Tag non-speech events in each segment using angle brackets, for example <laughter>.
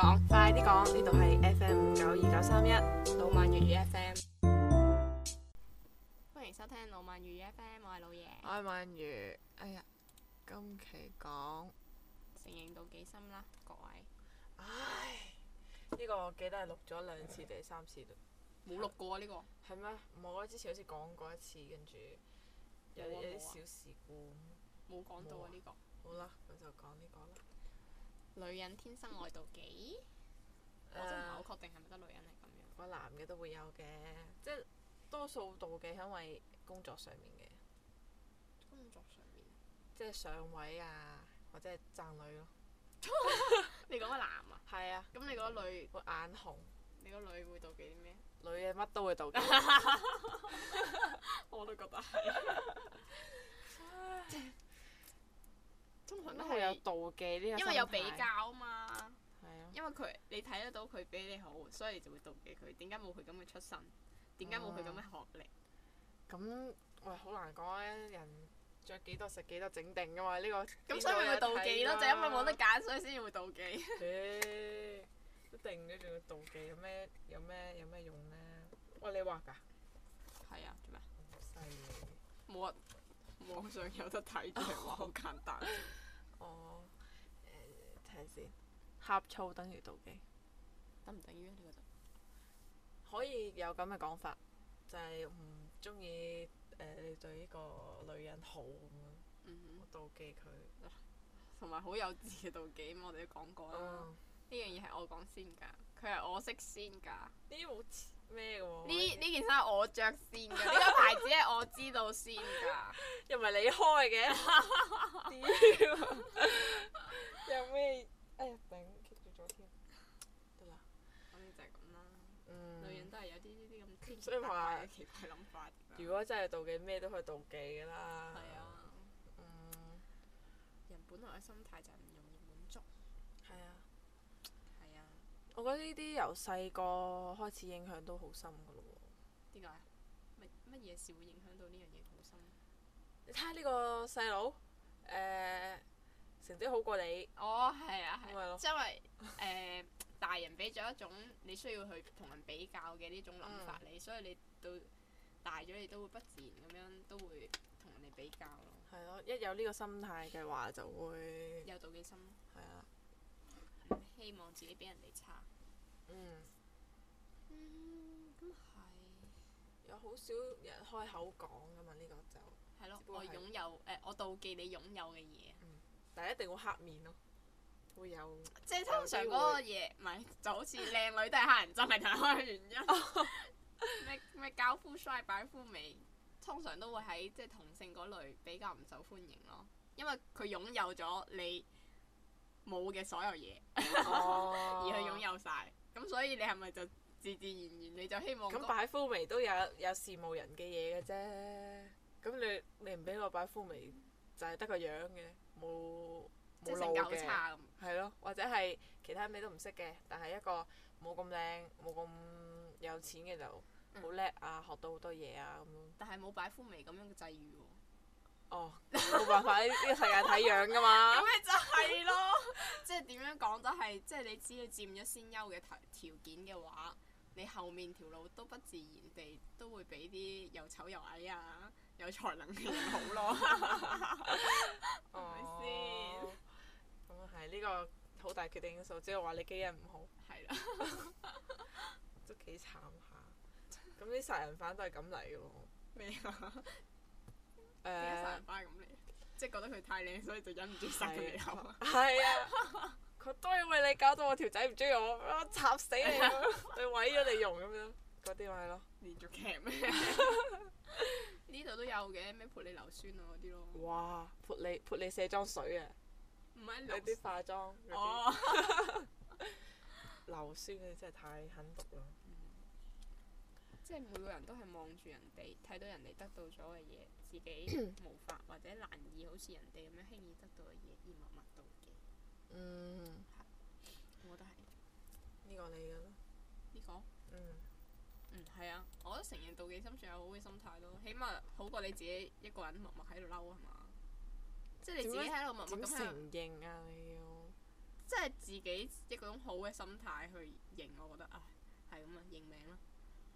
講快啲講，呢度係 FM 五九二九三一，老萬粵語 FM。歡迎收聽老萬粵語 FM，我係老爺，我係萬如。哎呀，今期講承認到幾深啦，各位。唉，呢、這個我記得係錄咗兩次，第三次都冇錄過啊！呢、這個係咩？我之前好似講過一次，跟住有有啲、啊、小事故，冇講到啊！呢哇、這個好啦，我就講呢個啦。嗯女人天生愛妒忌，呃、我真係唔係好確定係咪得女人係咁樣，呃、那個男嘅都會有嘅，即係多數妒忌係因為工作上面嘅。工作上面。即係上位啊，或者係爭女咯、啊。 <laughs> <laughs> 你講個男啊？係 <laughs> 啊。咁你覺得女？會、嗯、眼紅。你個女會妒忌啲咩？女嘅乜都會妒忌。 <laughs> <laughs> 我都覺得係。 <laughs> <laughs> <laughs> <laughs> 通常都係有妒忌呢個心態，因為有比較嘛。係啊。因為佢你睇得到佢比你好，所以就會妒忌佢。點解冇佢咁嘅出身？點解冇佢咁嘅學歷？咁、啊、喂，好難講啊！人著幾多食幾多整定㗎嘛？呢、呢個咁、嗯、所以會妒忌咯，就因為冇得揀，所以先會妒忌。一定咗仲要妒忌，有咩有咩有咩用咧？喂、哦，你畫㗎？係啊，做咩？犀利。冇啊！網上有得睇嘅，話好 <laughs> 簡單。 <laughs> 哦，誒、呃，聽先，呷醋等於妒忌，等唔等於呢、啊、個？可以有咁嘅講法，就係唔中意誒對呢個女人好，咁妒忌佢。嗯哼。同埋好幼稚嘅妒忌，我哋都講過啦。呢樣嘢係我講先㗎，佢係我識先㗎。呢啲個。 <laughs> 咩嘅喎？呢呢件衫我著先㗎，呢 <laughs> 個牌子係我知道先噶， <laughs> 又唔係你開嘅。 <laughs> <laughs> 有咩？哎呀頂，keep 住咗添。得啦，咁就係咁啦。女人都係有啲呢啲咁奇怪嘅，所以咪話奇怪諗法。如果真係妒忌，咩都可以妒忌噶啦。係啊。嗯。人本來嘅心態就唔容易滿足。係啊。我覺得呢啲由細個開始影響都好深噶咯喎。點解？乜嘢事會影響到呢樣嘢好深？你睇下呢個細佬，誒、呃、成績好過你。哦，係啊，係、啊。啊、因為誒、呃，大人俾咗一種你需要去同人比較嘅呢種諗法你， <laughs> 所以你到大咗你都會不自然咁樣都會同人哋比較咯、嗯。係、嗯、咯，一有呢個心態嘅話就會。有妒忌心。係啊。希望自己比人哋差。嗯，嗯。咁又係。有好少人開口講㗎嘛。呢個就。係咯，我擁有誒，ä, 我妒忌是你擁有嘅嘢。但係一定會黑面咯。會有。即係通常嗰個嘢，唔係就好似靚女都係黑人真係睇開嘅原因、 <laughs> <laughs> 哦。咩咩，姣夫衰，擺夫美，通常都會喺即係同性嗰類比較唔受歡迎咯，因為佢擁有咗你。冇嘅所有嘢，哦、 <laughs> 而去擁有晒，咁、哦、所以你係咪就自自然然你就希望？咁擺富眉都有有羨慕人嘅嘢嘅啫，咁你你唔俾我擺富眉，嗯、就係得個樣嘅，冇冇差。嘅，係咯，或者係其他咩都唔識嘅，但係一個冇咁靚、冇咁有錢嘅就好叻啊，嗯、學到好多嘢啊咁。但係冇擺富眉咁樣嘅際遇喎。哦，冇辦法，呢個世界睇樣噶嘛。咁咪就係咯，即係點樣講都係，即係你只要佔咗先優嘅條件嘅話，你後面條路都不自然地都會俾啲又醜又矮啊，有才能嘅人好咯，係咪先？咁啊係，呢個好大決定因素，只係話你基因唔好，係啦，都幾慘下。咁啲殺人犯都係咁嚟嘅咯。咩啊？誒、啊，即係覺得佢太靚，所以就忍唔住收佢入。啊，佢都係為你，搞到我條仔唔中意我，插死你，你毀咗你，用咁樣嗰啲咪咯。連續劇咩？呢度都有嘅，咩潑你硫酸啊嗰啲咯。哇！潑你潑你卸妝水啊！唔係有啲化妝嗰啲硫酸，你真係太狠毒咗。即係每個人都係望住人哋，睇到人哋得到咗嘅嘢，自己無法或者難以好似人哋咁樣輕易得到嘅嘢，而默默妒忌。嗯。係、啊。我覺得係。呢個你嘅咯。呢個。嗯。嗯，係啊！我都承認妒忌心算有好嘅心態咯，起碼好過你自己一個人默默喺度嬲啊嘛。即係你自己喺度默默咁承認啊你、這個！你要。即係自己一個種好嘅心態去認，我覺得唉，係咁啊，認命啦。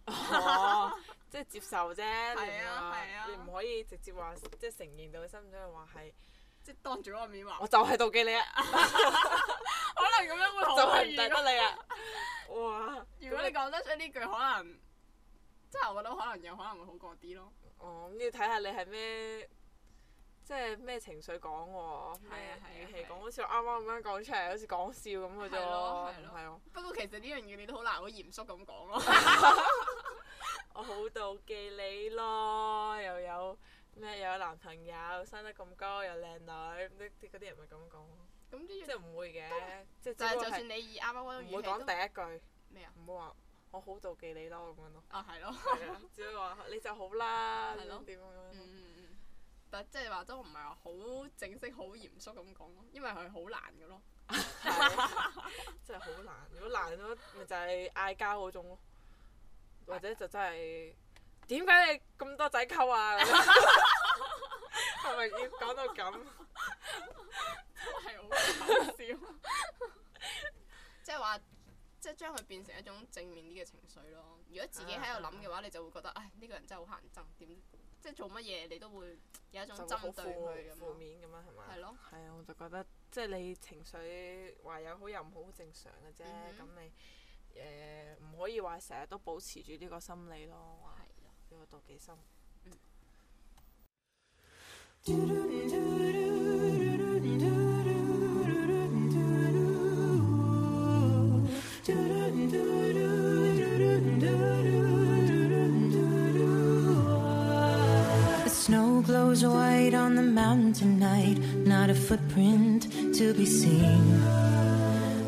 哦，即係接受啫，你唔，你唔可以直接話，即係承認到佢心入邊話係，即係當住我面話。我就係妒忌你啊！可能咁樣會就係唔得你啊！哇！如果你講得出呢句，可能真係我覺得可能有可能會好過啲咯。哦，咁你要睇下你係咩，即係咩情緒講喎，咩語氣講，好似啱啱咁樣講出嚟，好似講笑咁嘅啫，係啊。不過其實呢樣嘢你都好難好嚴肅咁講咯。我好妒忌你咯，又有咩又有男朋友，生得咁高又靚女，啲啲嗰啲人咪咁講。咁即係唔會嘅，即係就算你以啱啱嗰種語氣都，唔會講第一句。咩啊？唔會話我好妒忌你咯咁樣咯。啊，係咯。只會話你就好啦。係咯。點樣點樣？嗯嗯嗯。但係即係話都唔係話好正式、好嚴肅咁講咯，因為佢好難噶咯。即係好難，如果難咗，咪就係嗌交嗰種咯。或者就真係點解你咁多仔溝啊？係咪要講到咁？係好搞笑。即係話，即係將佢變成一種正面啲嘅情緒咯。如果自己喺度諗嘅話，你就會覺得唉，呢個人真係好乞人憎，點，即係做乜嘢你都會有一種針對佢咁。負面咁樣係咪？係咯。係啊，我就覺得即係你情緒話有好有唔好，正常嘅啫。咁你。誒唔可以話成日都保持住呢個心理咯，呢個妒忌心。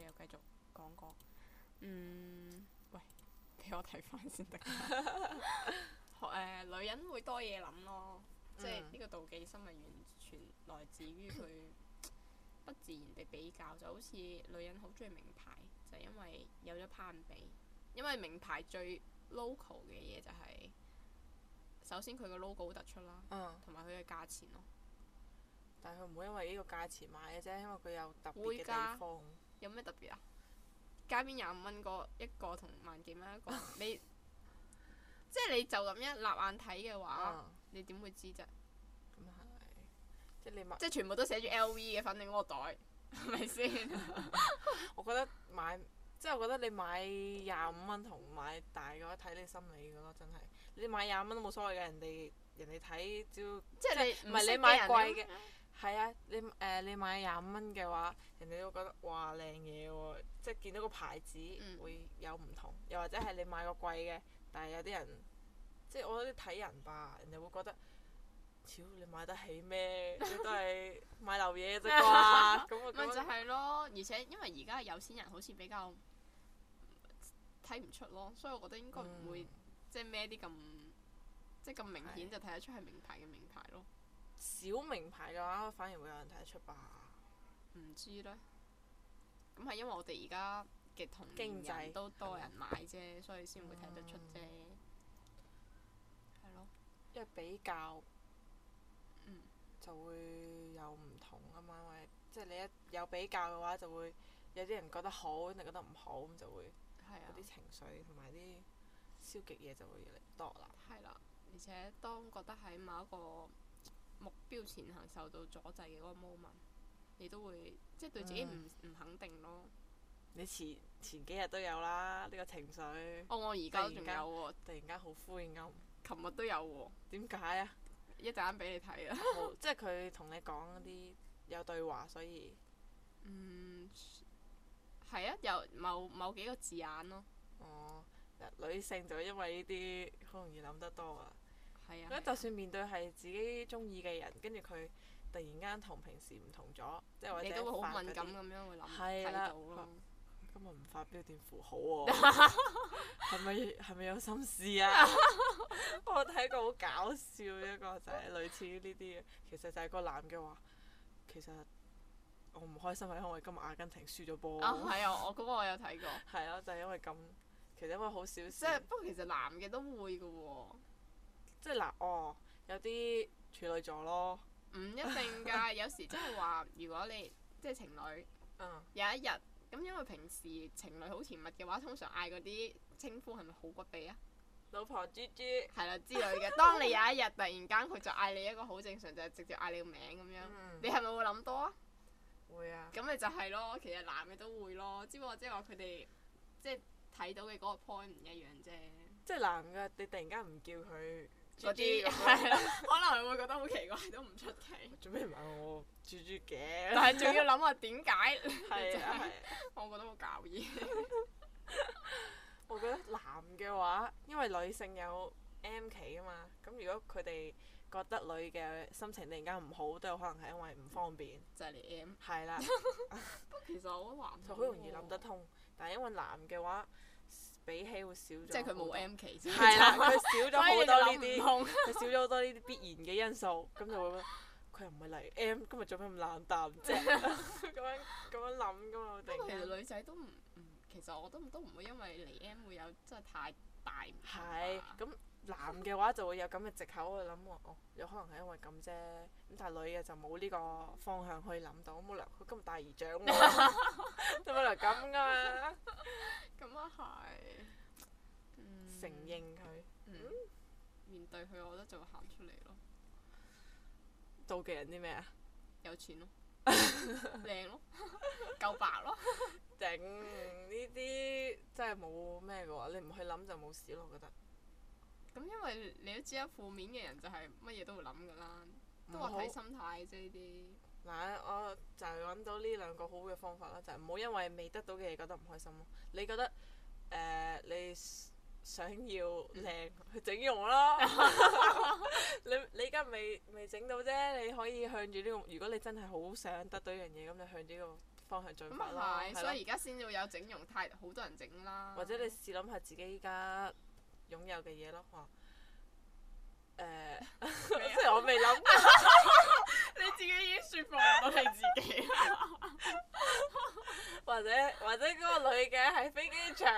你又繼續講過嗯，喂，俾我睇翻先得。 <laughs> 學、呃、女人會多嘢諗咯，嗯、即係呢個妒忌心係完全來自於佢不自然地比較， <coughs> 就好似女人好中意名牌，就係、因為有咗攀比，因為名牌最 local 嘅嘢就係首先佢個 logo 好突出啦，同埋佢嘅價錢咯。但係佢唔會因為呢個價錢買嘅啫，因為佢有特別嘅地方。有咩特別啊？街邊廿五蚊個一個同萬幾蚊一個，你即係你就咁樣擸眼睇嘅話，啊、你點會知啫？咁係、嗯，即係你買即係全部都寫住 L V 嘅，反正嗰個袋係咪先？我覺得買即係我覺得你買廿五蚊同買大個睇你心理咯，真係你買廿五蚊都冇所謂嘅，人哋人哋睇只要即你，唔係你買貴嘅。係啊，你誒、呃、你買廿五蚊嘅話，人哋會覺得哇靚嘢喎，即係見到個牌子會有唔同，嗯、又或者係你買個貴嘅，但係有啲人即係我覺得睇人吧，人哋會覺得，你買得起咩？你都係買流嘢啫嘛。咁咪就係咯，而且因為而家有錢人好似比較睇唔出咯，所以我覺得應該唔會、嗯、即係孭啲咁即係咁明顯就睇得出係名牌嘅名牌咯。小名牌嘅話，反而會有人睇得出吧？唔知呢？咁係因為我哋而家嘅同儕都多人買啫，所以先會睇得出啫。係咯、嗯，的因為比較。嗯，就會有唔同啊嘛，或者即係你一有比較嘅話，就會有啲人覺得好，有啲人覺得唔好，咁就會有啲情緒同埋啲消極嘢就會越嚟越多啦。係啦，而且當覺得喺某一個目標前行受到阻滯嘅嗰個 moment，你都會即係對自己唔唔、嗯、肯定咯。你前前幾日都有啦，呢、呢個情緒。哦，我而家仲有喎，突然間好灰暗。琴日、啊啊、都有喎。點解啊？一陣間俾你睇啊！哦、 <laughs> 即係佢同你講嗰啲有對話，所以。嗯。係啊，有某某幾個字眼咯。哦，女性就因為呢啲好容易諗得多啊。覺得就算面對係自己中意嘅人，跟住佢突然間同平時唔同咗，即係或者好敏感咁樣會諗，係啦。今日唔發標點符號喎，係咪係咪有心事啊？ <laughs> <laughs> 我睇過好搞笑一個就係、是、類似呢啲嘅，其實就係個男嘅話，其實我唔開心係因為今日阿根廷輸咗波。啊啊，嗯哦、我嗰個我有睇過。係咯、 <laughs> 啊，就係、是、因為咁，其實因為好少。即係 <music> <music> 不過，其實男嘅都會㗎喎、哦。即係嗱，哦，有啲處女座咯。唔一定㗎， <laughs> 有時即係話，如果你即係情侶， <laughs> 有一日咁，因為平時情侶好甜蜜嘅話，通常嗌嗰啲稱呼係咪好骨痹啊？老婆 G G、豬豬。係啦，之類嘅。當你有一日突然間佢就嗌你一個好正常，就係、是、直接嗌你個名咁樣， <laughs> 嗯、你係咪會諗多啊？會啊。咁咪就係咯，其實男嘅都會咯，只不過即係話佢哋即係睇到嘅嗰個 point 唔一樣啫。 <laughs> 即係男嘅，你突然間唔叫佢。啲係啊， <laughs> 可能會覺得好奇怪，都唔出奇。做咩唔係我豬豬嘅？但係仲要諗下點解呢隻？我覺得好搞嘢。我覺得男嘅話，因為女性有 M 期啊嘛，咁如果佢哋覺得女嘅心情突然間唔好，都有可能係因為唔方便。就係你 M 了。係啦。不過其實我覺得男就好容易諗得通， <laughs> 但係因為男嘅話。比起會少咗，即係佢冇 M 期先，係啦，佢少咗好多呢啲，佢少咗好多呢啲必然嘅因素，咁就會佢又唔係嚟 M，今日做咩咁冷淡啫？咁樣咁樣諗噶嘛？我哋其實女仔都唔其實我都都唔會因為嚟 M 會有真係太大唔係咁，男嘅話就會有咁嘅藉口去諗話哦，有可能係因為咁啫。咁但係女嘅就冇呢個方向去諗到，冇理由佢今日大姨丈喎，都冇理由咁噶嘛。承認佢、嗯，面對佢，我覺得就會行出嚟咯。妒忌人啲咩啊？有錢咯，靚 <laughs> 咯， <laughs> 夠白咯。 <laughs> 頂呢啲、嗯、真係冇咩嘅喎，你唔去諗就冇事咯，我覺得。咁、嗯、因為你都知啦，負面嘅人就係乜嘢都會諗嘅啦，都話睇心態啫呢啲。嗱好些，我就係揾到呢兩個好嘅方法啦，就係唔好因為未得到嘅嘢覺得唔開心咯。你覺得誒、呃、你？你呃你想要靚去整容咯！ <laughs> <laughs> 你你而家未未整到啫，你可以向住呢個。如果你真係好想得到一樣嘢，咁、嗯、你向住呢個方向進發啦。咁咪係，所以而家先會有整容，太好多人整啦。或者你試諗下自己依家擁有嘅嘢咯，誒，即、呃、係前我未諗。 <laughs> <laughs> 你自己已經説服到你自己 <laughs> 或。或者或者嗰個女嘅喺飛機場。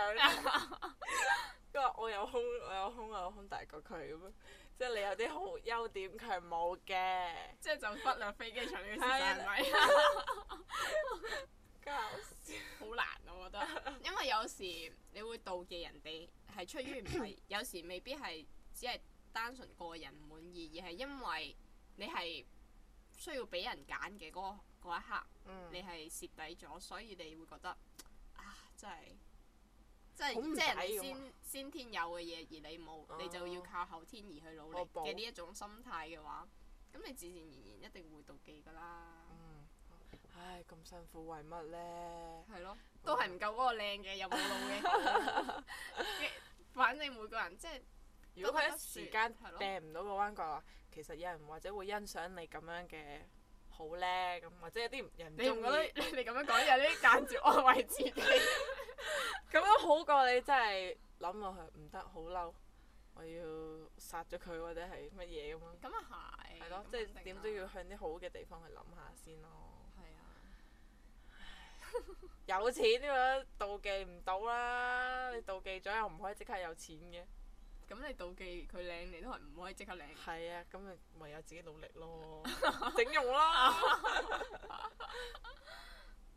<laughs> 嗰個我有胸，我有胸，我有胸大過佢咁咯，即係你有啲好優點，佢係冇嘅。即係就忽略飛機場嗰啲人咪。搞笑。好難啊，我覺得。因為有時你會妒忌人哋，係出於唔係， <coughs> 有時未必係只係單純個人唔滿意，而係因為你係需要俾人揀嘅嗰一刻你，你係蝕底咗，所以你會覺得啊，真係～即係即係人哋先、啊、先天有嘅嘢，而你冇，你就要靠後天而去努力嘅呢一種心態嘅話，咁你自然而然一定會妒忌噶啦、嗯。唉，咁辛苦為乜呢？係咯，都係唔夠嗰個靚嘅，又冇路嘅。 <laughs> <laughs> 反正每個人即係。如果佢一時間掟唔到個彎拐，咯其實有人或者會欣賞你咁樣嘅好叻咁，或者有啲人。你唔覺得你你咁樣講有啲間接安慰自己？ <laughs> 咁樣好過你真係諗落去唔得好嬲，我要殺咗佢或者係乜嘢咁咯。咁是對啊係。係咯，即係點都要向啲好嘅地方去諗下先咯。係是啊。 <laughs> 有錢嗰妒忌唔到啦，你妒忌咗又唔可以即刻有錢嘅。咁你妒忌佢靚，你都係唔可以即刻靚。係啊，咁咪唯有自己努力咯， <laughs> 整容咯。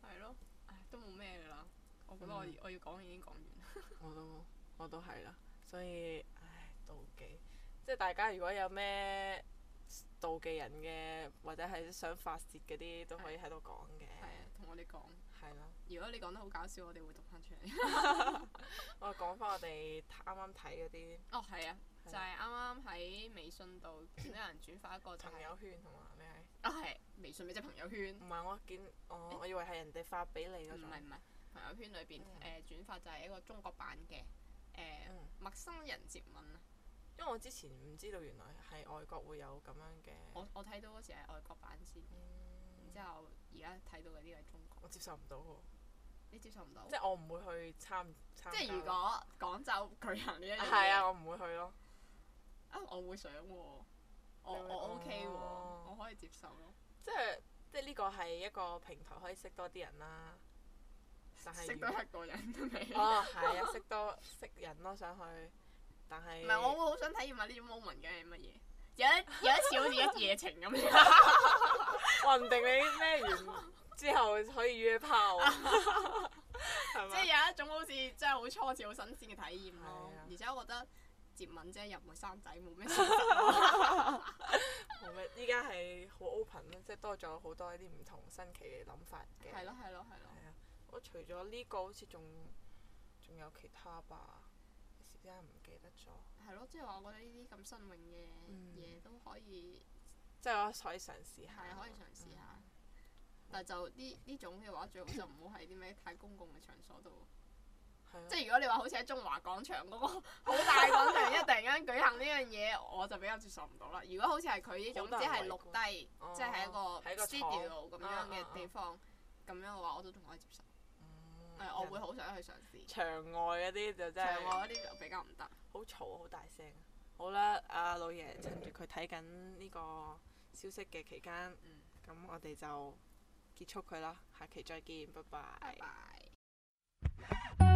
係 <laughs> <laughs> 咯，唉，都冇咩嘅啦。我覺得我要、嗯、我要講已經講完我。我都我都係啦，所以唉妒忌，即係大家如果有咩妒忌人嘅，或者係想發泄嗰啲都可以喺度講嘅。係啊，同我哋講。係咯的。如果你講得好搞笑，我哋會讀翻出嚟。 <laughs> <laughs> 我講翻我哋啱啱睇嗰啲。哦，係啊，的就係啱啱喺微信度有人轉發一個、就是。朋友圈同埋咩？啊係、哦、微信咪即朋友圈。唔係，我見我，我以為係人哋發俾你嗰種。唔係唔係。朋友圈裏邊誒轉發就係一個中國版嘅誒陌生人接吻啦，因為我之前唔知道原來係外國會有咁樣嘅。我我睇到嗰時係外國版先，然之後而家睇到嗰啲呢個中國版。我接受唔到喎。你接受唔到？即係我唔會去參參。即係如果講就舉行呢一樣嘢。係啊，我唔會去咯。啊！我會想喎，我我 OK 喎，我可以接受咯。即係即係呢個係一個平台，可以識多啲人啦。但係識多一個人都未。哦，係啊，識多識人咯，上去。但係。唔係，我會好想體驗下呢種 moment 嘅係乜嘢？有一有一次好似一夜情咁樣。 <laughs> 話唔定你咩完之後可以約炮。即係有一種好似真係好初次、好新鮮嘅體驗咯，對啊、而且我覺得接吻啫又唔會生仔，冇咩。冇咩？依家係好 open 即係多咗好多啲唔同新奇嘅諗法嘅。係咯！ <laughs> 係咯！係咯！除咗呢、這個，好似仲仲有其他吧，一時之間唔記得咗。係咯、嗯，即係話我覺得呢啲咁新穎嘅嘢都可以，即係可以嘗試下。係可以嘗試下。嗯、但係就呢呢種嘅話，最好就唔好喺啲咩太公共嘅場所度。即係、啊、如果你話好似喺中華廣場嗰個好大廣場，一突然間舉行呢樣嘢， <laughs> 我就比較接受唔到啦。如果好似係佢呢種總之係錄低，哦、即係一個 studio 咁樣嘅地方咁、啊啊、樣嘅話，我都仲可以接受。嗯、的我會好想去嘗試。場外嗰啲就真係，場外嗰啲就比較唔得。好嘈，好大聲。好啦，阿老爺趁住佢睇緊呢個消息嘅期間，咁、嗯、我哋就結束佢啦。下期再見，拜拜。拜拜 <laughs>